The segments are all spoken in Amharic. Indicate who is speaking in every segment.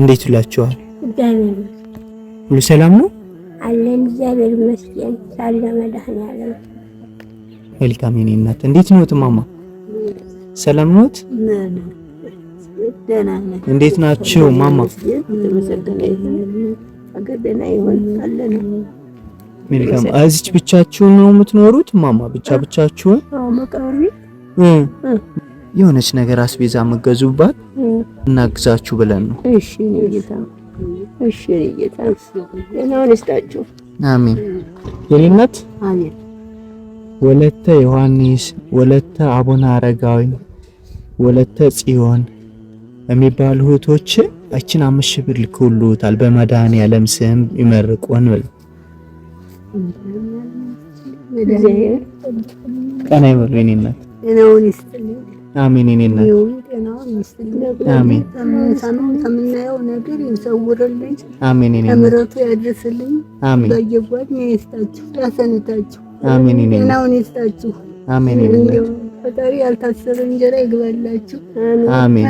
Speaker 1: እንዴት ውላችኋል? ሁሉ ሰላም ነው
Speaker 2: አለን? እግዚአብሔር ይመስገን ሳለ መድኃኒዓለም
Speaker 1: መልካም። የኔ እናት እንዴት ነዎት? ማማ ሰላም ነዎት? እንዴት ናቸው? ማማ መልካም። እዚች ብቻችሁን ነው የምትኖሩት? ማማ ብቻ ብቻችሁን የሆነች ነገር አስቤዛ መገዙባት እናግዛችሁ ብለን ነው።
Speaker 2: እሺ ጌታ፣ እሺ ጌታ፣ ጤናውን ይስጣችሁ።
Speaker 1: አሜን። የኔነት አሜን። ወለተ ዮሐንስ፣ ወለተ አቡነ አረጋዊ፣ ወለተ ጽዮን የሚባሉ እህቶች እችን አምስት ሺህ ብር ልከውልዎታል። በመድኃኒዓለም ስም ይመርቁን ብለው ቀና ይበሉ የኔነት አሜን። እኔና አሜን ከምናየው ነገር ይሰውርልኝ። አሜን። እኔና ምሕረቱ ያድርስልኝ። አሜን። በየጓድ ነው ይስጣችሁ፣ አሜን። ይስጣችሁ። አሜን። ፈጣሪ ያልታሰረ እንጀራ ይግባላችሁ። አሜን።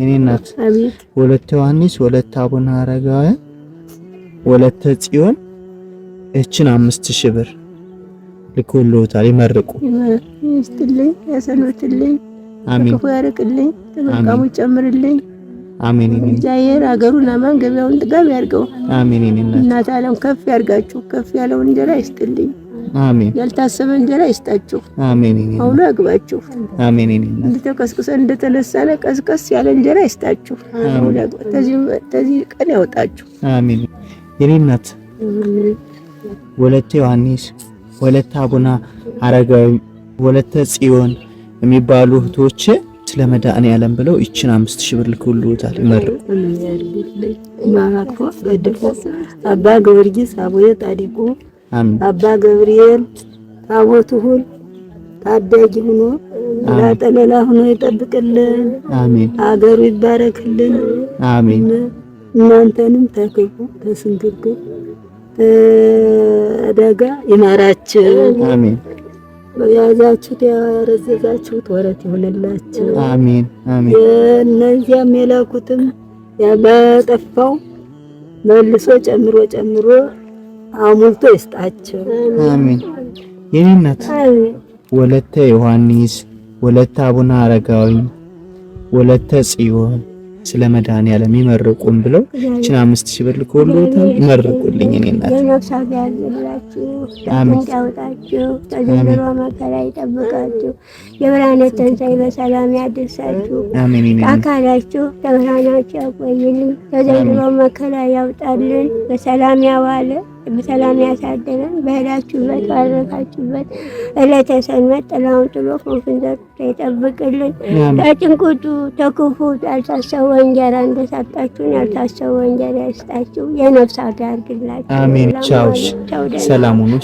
Speaker 1: የኔ እናት ወለተ ዮሐንስ፣ ወለተ አቡነ አረጋውያን፣ ወለተ ጽዮን እችን አምስት ሺህ ብር ልኮልዎታል። ይመርቁ፣
Speaker 2: ይመርቁ፣
Speaker 1: ከክፉ ያርቅልኝ፣
Speaker 2: ተመቃሙ ይጨምርልኝ። አሜን። እግዚአብሔር ሀገሩን ለማን ገበያውን ጥጋብ ያርገው። አሜን። እናት ዓለም ከፍ ያርጋችሁ፣ ከፍ ያለውን እንጀራ ይስጥልኝ። አሜን። ያልታሰበ እንጀራ ይስጣችሁ። አሜን። አውሎ ያግባችሁ። አሜን። እንደተቀስቅሰን እንደተነሳነ ቀስቀስ ያለ እንጀራ ይስጣችሁ። አውሎ ተዚህ ቀን ያወጣችሁ።
Speaker 1: አሜን። የኔ እናት ወለተ ዮሐንስ፣ ወለተ አቡነ አረጋዊ፣ ወለተ ጽዮን የሚባሉ እህቶች ስለ መድኃኔ ዓለም ብለው ይችን አምስት ሺህ ብር ልክውልዎታል። ይመር
Speaker 2: አባ ጊዮርጊስ አቡነ ጻድቁ አባ ገብርኤል ታቦት ሁን ታዳጊ ሆኖ ጠለላ ሆኖ ይጠብቅልን። አሜን። አገሩ ይባረክልን። አሜን። እናንተንም ተክፉ ተስንክግ አደጋ ይማራችሁ። አሜን። የያዛችሁት ያረዘዛችሁት ወረት ይሆንላችሁ። አሜን አሜን። የእነዚያም የላኩትም በጠፋው መልሶ ጨምሮ ጨምሮ አሙልቶ ይስጣቸው።
Speaker 1: አሜን። የኔ እናት ወለተ ዮሐንስ፣ ወለተ አቡነ አረጋዊ፣ ወለተ ጽዮን ስለ መድኃኒዓለም ይመርቁን ብለው እችን አምስት ሺህ ብር ልኮልዎታል። ይመርቁልኝ እኔ እናት ነፍሳት ያዝብላችሁ፣ ያውጣችሁ፣ ከዘንድሮ
Speaker 2: መከራ ይጠብቃችሁ፣ የብርሃነ ትንሣኤ በሰላም ያድርሳችሁ። አካላችሁ ለብርሃናችሁ ያቆይልን፣ ከዘንድሮ መከራ ያውጣልን፣ በሰላም ያዋለ በሰላም ያሳደረን በሄዳችሁበት ባረካችሁበት ዕለተ ሰንበት ጥላውን ጥሎ ፎፍን ዘርቶ ይጠብቅልን። ከጭንቁጡ ተክፉ ያልታሰበ እንጀራ እንደሰጣችሁን ያልታሰበ እንጀራ ይስጣችሁ። የነፍስ አጋር ያድርግላችሁ።
Speaker 1: አሜን። ሰላም ሁኑ።